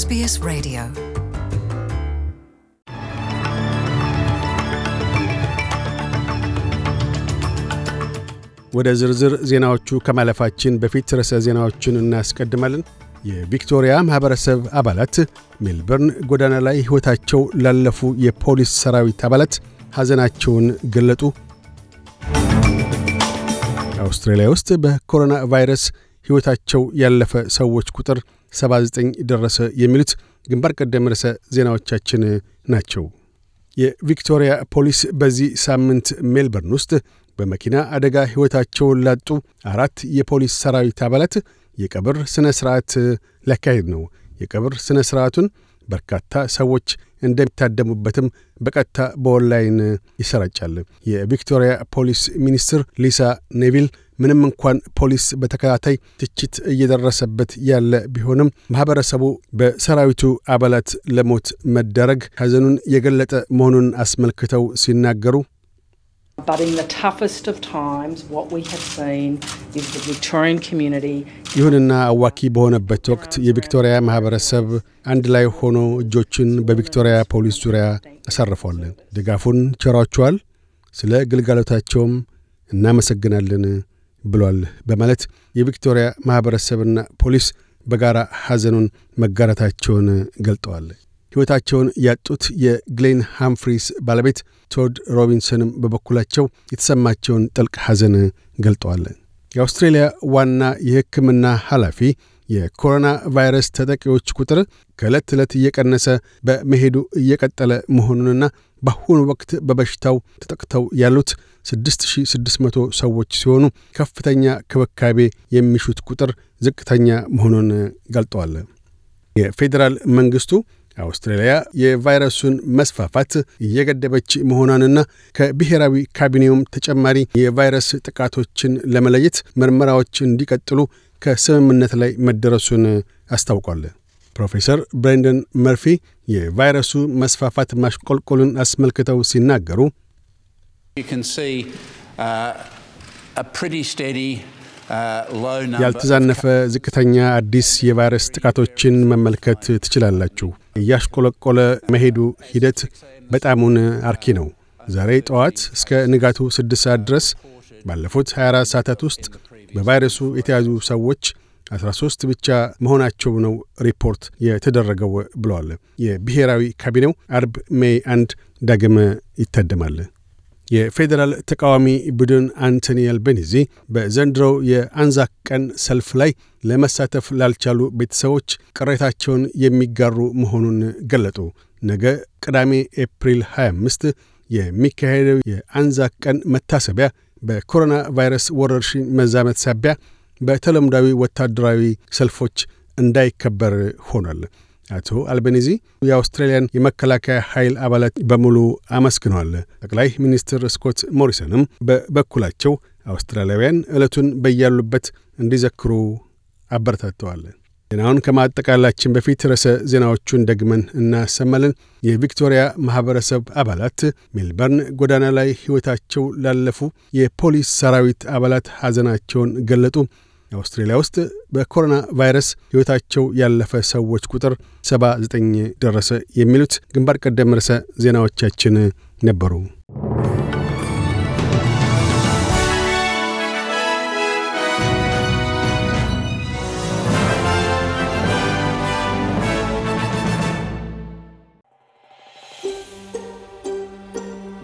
SBS Radio. ወደ ዝርዝር ዜናዎቹ ከማለፋችን በፊት ርዕሰ ዜናዎቹን እናስቀድማለን። የቪክቶሪያ ማኅበረሰብ አባላት ሜልበርን ጎዳና ላይ ሕይወታቸው ላለፉ የፖሊስ ሰራዊት አባላት ሐዘናቸውን ገለጡ። አውስትራሊያ ውስጥ በኮሮና ቫይረስ ሕይወታቸው ያለፈ ሰዎች ቁጥር 79 ደረሰ የሚሉት ግንባር ቀደም ርዕሰ ዜናዎቻችን ናቸው። የቪክቶሪያ ፖሊስ በዚህ ሳምንት ሜልበርን ውስጥ በመኪና አደጋ ሕይወታቸውን ላጡ አራት የፖሊስ ሰራዊት አባላት የቀብር ሥነ ሥርዓት ሊያካሄድ ነው። የቀብር ሥነ ሥርዓቱን በርካታ ሰዎች እንደሚታደሙበትም በቀጥታ በኦንላይን ይሰራጫል። የቪክቶሪያ ፖሊስ ሚኒስትር ሊሳ ኔቪል ምንም እንኳን ፖሊስ በተከታታይ ትችት እየደረሰበት ያለ ቢሆንም ማህበረሰቡ በሰራዊቱ አባላት ለሞት መደረግ ሐዘኑን የገለጠ መሆኑን አስመልክተው ሲናገሩ ይሁንና አዋኪ በሆነበት ወቅት የቪክቶሪያ ማህበረሰብ አንድ ላይ ሆኖ እጆችን በቪክቶሪያ ፖሊስ ዙሪያ አሳርፏል። ድጋፉን ቸሯቸዋል። ስለ ግልጋሎታቸውም እናመሰግናለን። ብሏል በማለት የቪክቶሪያ ማኅበረሰብና ፖሊስ በጋራ ሐዘኑን መጋራታቸውን ገልጠዋል። ሕይወታቸውን ያጡት የግሌን ሃምፍሪስ ባለቤት ቶድ ሮቢንሰንም በበኩላቸው የተሰማቸውን ጥልቅ ሐዘን ገልጠዋል። የአውስትሬልያ ዋና የሕክምና ኃላፊ የኮሮና ቫይረስ ተጠቂዎች ቁጥር ከዕለት ዕለት እየቀነሰ በመሄዱ እየቀጠለ መሆኑንና በአሁኑ ወቅት በበሽታው ተጠቅተው ያሉት 6600 ሰዎች ሲሆኑ ከፍተኛ ክብካቤ የሚሹት ቁጥር ዝቅተኛ መሆኑን ገልጠዋል። የፌዴራል መንግስቱ አውስትራሊያ የቫይረሱን መስፋፋት እየገደበች መሆኗንና ከብሔራዊ ካቢኔውም ተጨማሪ የቫይረስ ጥቃቶችን ለመለየት ምርመራዎች እንዲቀጥሉ ከስምምነት ላይ መደረሱን አስታውቋል። ፕሮፌሰር ብሬንደን መርፊ የቫይረሱ መስፋፋት ማሽቆልቆልን አስመልክተው ሲናገሩ Uh, uh, ያልተዛነፈ ዝቅተኛ አዲስ የቫይረስ ጥቃቶችን መመልከት ትችላላችሁ። እያሽቆለቆለ መሄዱ ሂደት በጣሙን አርኪ ነው። ዛሬ ጠዋት እስከ ንጋቱ 6 ሰዓት ድረስ ባለፉት 24 ሰዓታት ውስጥ በቫይረሱ የተያዙ ሰዎች 13 ብቻ መሆናቸው ነው ሪፖርት የተደረገው ብለዋል። የብሔራዊ ካቢኔው አርብ ሜይ አንድ ዳግም ይታደማል። የፌዴራል ተቃዋሚ ቡድን አንቶኒ አልቤኒዚ በዘንድሮው የአንዛክ ቀን ሰልፍ ላይ ለመሳተፍ ላልቻሉ ቤተሰቦች ቅሬታቸውን የሚጋሩ መሆኑን ገለጡ። ነገ ቅዳሜ ኤፕሪል 25 የሚካሄደው የአንዛክ ቀን መታሰቢያ በኮሮና ቫይረስ ወረርሽኝ መዛመት ሳቢያ በተለምዳዊ ወታደራዊ ሰልፎች እንዳይከበር ሆኗል። አቶ አልቤኒዚ የአውስትራሊያን የመከላከያ ኃይል አባላት በሙሉ አመስግነዋል። ጠቅላይ ሚኒስትር ስኮት ሞሪሰንም በበኩላቸው አውስትራሊያውያን ዕለቱን በያሉበት እንዲዘክሩ አበረታተዋል። ዜናውን ከማጠቃላችን በፊት ርዕሰ ዜናዎቹን ደግመን እናሰማለን። የቪክቶሪያ ማኅበረሰብ አባላት ሜልበርን ጎዳና ላይ ሕይወታቸው ላለፉ የፖሊስ ሰራዊት አባላት ሐዘናቸውን ገለጡ። አውስትሬሊያ ውስጥ በኮሮና ቫይረስ ሕይወታቸው ያለፈ ሰዎች ቁጥር 79 ደረሰ። የሚሉት ግንባር ቀደም ርዕሰ ዜናዎቻችን ነበሩ።